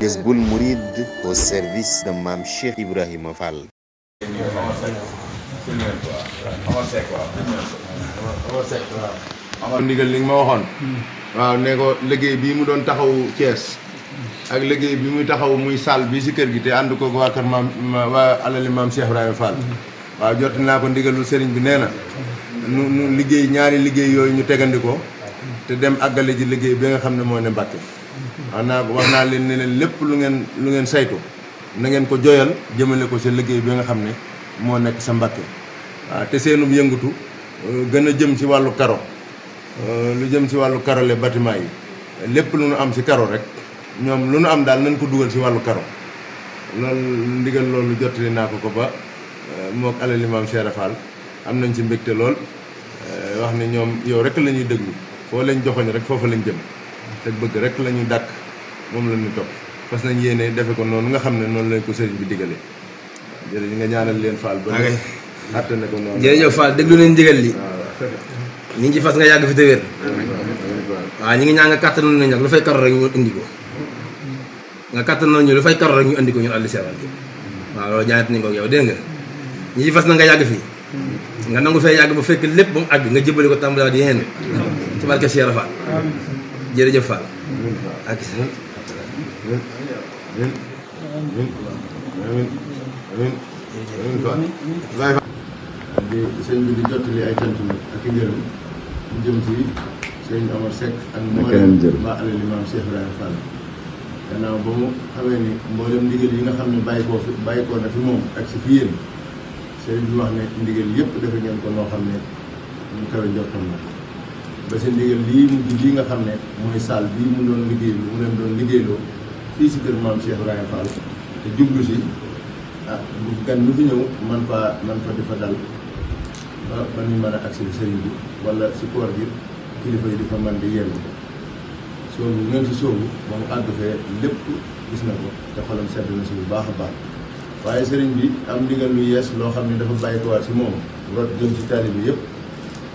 Jazboul Mouride au service de Mame Cheikh Ibrahima Fall. waaw ndigal li ma waxoon. ko liggéey bii mu doon taxawu Thiès. ak liggéey bi muy taxaw muy salle bi si kër gi te ànd ko waa kër maam waa alali maam Cheikh Ibrahima Fall. waaw jot naa ko ndigalul sëriñ bi nee na. nu nu liggéey ñaari liggéey yooyu ñu tegandikoo ko. te dem àggale ji liggéey bi nga xam ne moo ne Mbàkke. xanaa wax naa leen ne leen lépp lu ngeen lu ngeen saytu na ngeen ko joyal jëmale ko sa liggéey bi nga xam ne moo nekk sa mbàkke waaw te seenum yëngatu euh, gën a jëm si wàllu karo euh, lu jëm ci wàllu karole bâtiment yi lépp lu nu am ci karo rek ñoom lu nu am daal nañ ko dugal si wàllu karo loolu ndigal loolu jottali naa ko ko ba euh, moog alal imaam Cheikh Fall am nañ ci mbégte lool wax ne ñoom yow rek lañuy ñuy déglu foo leen joxoñ rek foofa lañ jëm te bëgg rek lañu ñu dàkk moom la ñu topp fas nañ yéene defe ko noonu nga xam ne noonu lañ ko sëriñ bi digale jërëjëf nga ñaanal leen faal ba atté na ko noonu jërëjëf Fall déglu nañ digal li ñi ngi fas nga yàgg fi te wér waaw ñi ngi ñaan nga kàttanal nañ nag lu fay karo rek ñu indi ko nga kàttanal nañu lu fay karo rek ñu andi ko ñun àlli seeral bi waaw loolu ñaanat nañ ko yow dégg nga ñi ci fas na nga yàgg fi nga nangu fay yàgg ba fekk lépp ba mu àgg nga jëbale ko di yeen ci barke Cheikh Rafal jërëjëf Fall. ak sëñ bi di jottali ay cant ak i ngërëm ñu jëm ci sëñ Amar Seck ak mboolem mbaa alali maam Cheikh Ibrahima Fall ba mu xamee ni mboolem ndigal yi nga xam ne bàyyi koo fi bàyyi na fi moom ak si fi yéen sëñ bi wax ne ndigal yëpp dafa ngeen ko noo xam ne ñu kawe njortam la ba sa ndigal lii mu lii nga xam ne mooy saal bii mu doon liggéey lu mu leen doon liggéeyloo fii si kër maam Cheikh Ibrahima Fall te jublu si ah bu gan lu fi ñëw man fa man fa di fa dal ba ba ñu mën a agsi sëriñ bi wala si koor gi kilifa yi di fa man di yenn soobu ngeen si soobu moom àgg fee lépp gis na ko te xolam sedd na si bu baax a baax waaye sëriñ bi am ndigal lu yees loo xam ne dafa bàyyi si moom rot jëm si taalibe yëpp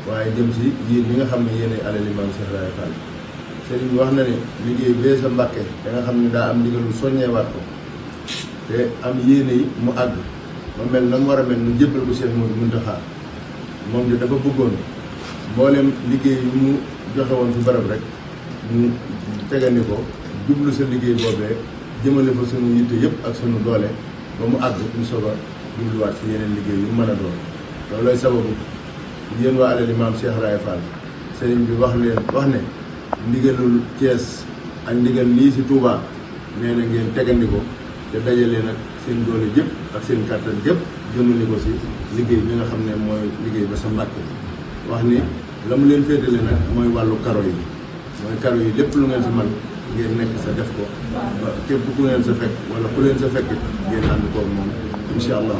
waaye jëm si yéen ñi nga xam ne yéenay alali maam Cheikh Ibra seen sëriñ bi wax na ne liggéey bee sa mbàkke da nga xam ne daa am ndigalul soññeewaat ko te am yéene yi mu àgg ma mel na mu war a mel nu jébbal ko Cheikh Modou Mountakha moom de dafa bëggoon mboolem liggéey yi mu joxe woon fi barab rek mu tegandi ko jublu sa liggéey boobee jëmale fa sunu yitte yëpp ak sunu doole ba mu àgg mu soog a jubluwaat si yeneen liggéey yu mën a doon lay sababu yéen wa alal imam Cheikh Raye Fall sëriñ bi wax len wax ne ndigalul ties ak ndigal li ci Touba neena ngeen tegandiko te dajale nak seen doole jep ak seen jep jëpp ni ko si liggey bi nga xamne moy liggey ba sa mbacke wax ni lam mu leen féetale nag mooy karo yi moy karo yi lepp lu ngeen ci man ngeen nek sa def ko ba képp ku ngeen sa fek wala ku leen sa fek ngeen and ko mom inshallah